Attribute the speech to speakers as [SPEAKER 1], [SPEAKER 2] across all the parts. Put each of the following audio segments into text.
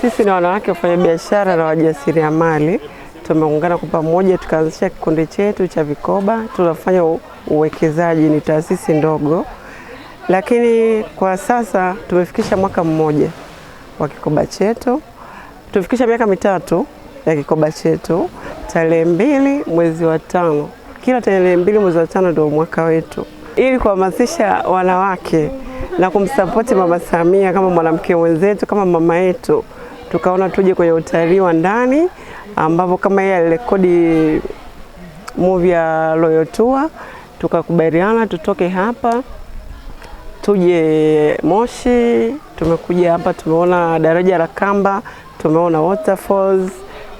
[SPEAKER 1] Sisi ni wanawake wafanya biashara na wajasiriamali, tumeungana kwa pamoja tukaanzisha kikundi chetu cha vikoba. Tunafanya uwekezaji, ni taasisi ndogo, lakini kwa sasa tumefikisha mwaka mmoja wa kikoba chetu, tumefikisha miaka mitatu ya kikoba chetu. Tarehe mbili mwezi wa tano kila tarehe mbili mwezi wa tano ndio mwaka wetu, ili kuhamasisha wanawake na kumsapoti Mama Samia kama mwanamke mwenzetu, kama mama yetu, tukaona tuje kwenye utalii wa ndani, ambapo kama yeye alirekodi movie ya Royal Tour, tukakubaliana tutoke hapa tuje Moshi. Tumekuja hapa, tumeona daraja la Kamba, tumeona waterfalls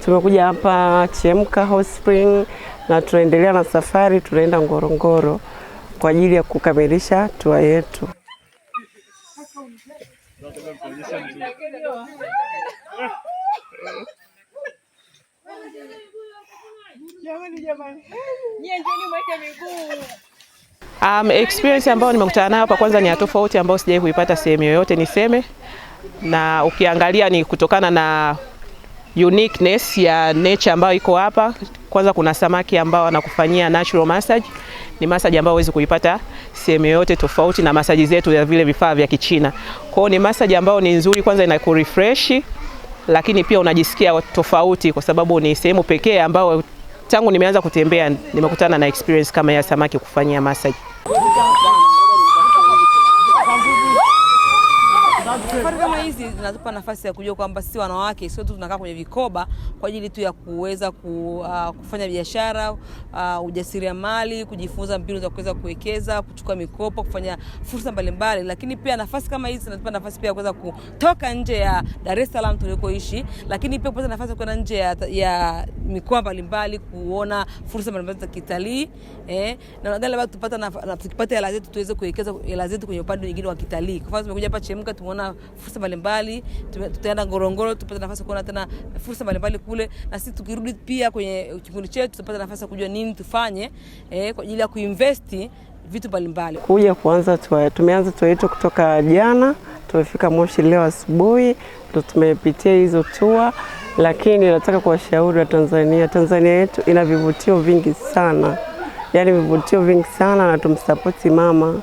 [SPEAKER 1] Tumekuja hapa Chemka Hot Spring na tunaendelea na safari, tunaenda Ngorongoro kwa ajili ya kukamilisha tua yetu.
[SPEAKER 2] Um, experience ambayo nimekutana nayo hapa kwanza ni ya tofauti ambayo sijawahi kuipata sehemu yoyote niseme, na ukiangalia ni kutokana na uniqueness ya nature ambayo iko hapa. Kwanza kuna samaki ambao wanakufanyia natural massage, ni massage ambayo huwezi kuipata sehemu yoyote tofauti na massage zetu ya vile vifaa vya Kichina. Kwao ni massage ambayo ni nzuri, kwanza inakurefresh, lakini pia unajisikia tofauti, kwa sababu ni sehemu pekee ambayo tangu nimeanza kutembea nimekutana na experience kama ya samaki kufanyia massage.
[SPEAKER 3] Safari kama hizi zinatupa nafasi ya kujua kwamba sisi wanawake sio tu tunakaa kwenye vikoba kwa ajili tu ya kuweza ku, uh, kufanya biashara uh, ujasiriamali, kujifunza mbinu za kuweza kuwekeza, kuchukua mikopo, kufanya fursa mbalimbali, lakini pia nafasi kama hizi zinatupa nafasi pia ya kuweza kutoka nje ya Dar es Salaam tulikoishi, lakini pia kupata nafasi ya kwenda nje ya, ya mikoa mbalimbali kuona fursa mbalimbali za kitalii eh, na nadhani labda tupata na, tukipata hela zetu tuweze kuwekeza hela zetu kwenye upande mwingine wa kitalii. Kwa mfano tumekuja hapa Chemka tumeona fursa mbalimbali. Tutaenda Ngorongoro, tupata nafasi kuona tena fursa mbalimbali kule, na sisi tukirudi pia kwenye kikundi chetu tutapata nafasi ya kujua nini tufanye eh, kwa ajili ya kuinvesti vitu mbalimbali.
[SPEAKER 1] Kuja kuanza tumeanza tuaitwa kutoka jana, tumefika Moshi leo asubuhi, ndo tumepitia hizo tua, lakini nataka kuwashauri wa Tanzania, Tanzania yetu ina vivutio vingi sana, yaani vivutio vingi sana, na tumsapoti mama.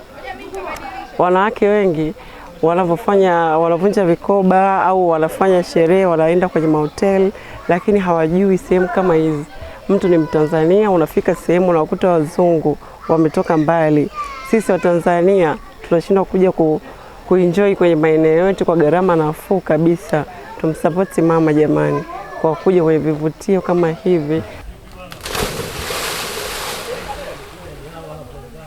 [SPEAKER 1] Wanawake wengi wanavyofanya wanavunja vikoba au wanafanya sherehe, wanaenda kwenye mahoteli, lakini hawajui sehemu kama hizi. Mtu ni Mtanzania, unafika sehemu unakuta wazungu wametoka mbali. Sisi Watanzania tunashindwa kuja ku, kuenjoy kwenye maeneo yetu kwa gharama nafuu kabisa. Tumsapoti mama jamani, kwa kuja kwenye vivutio kama hivi.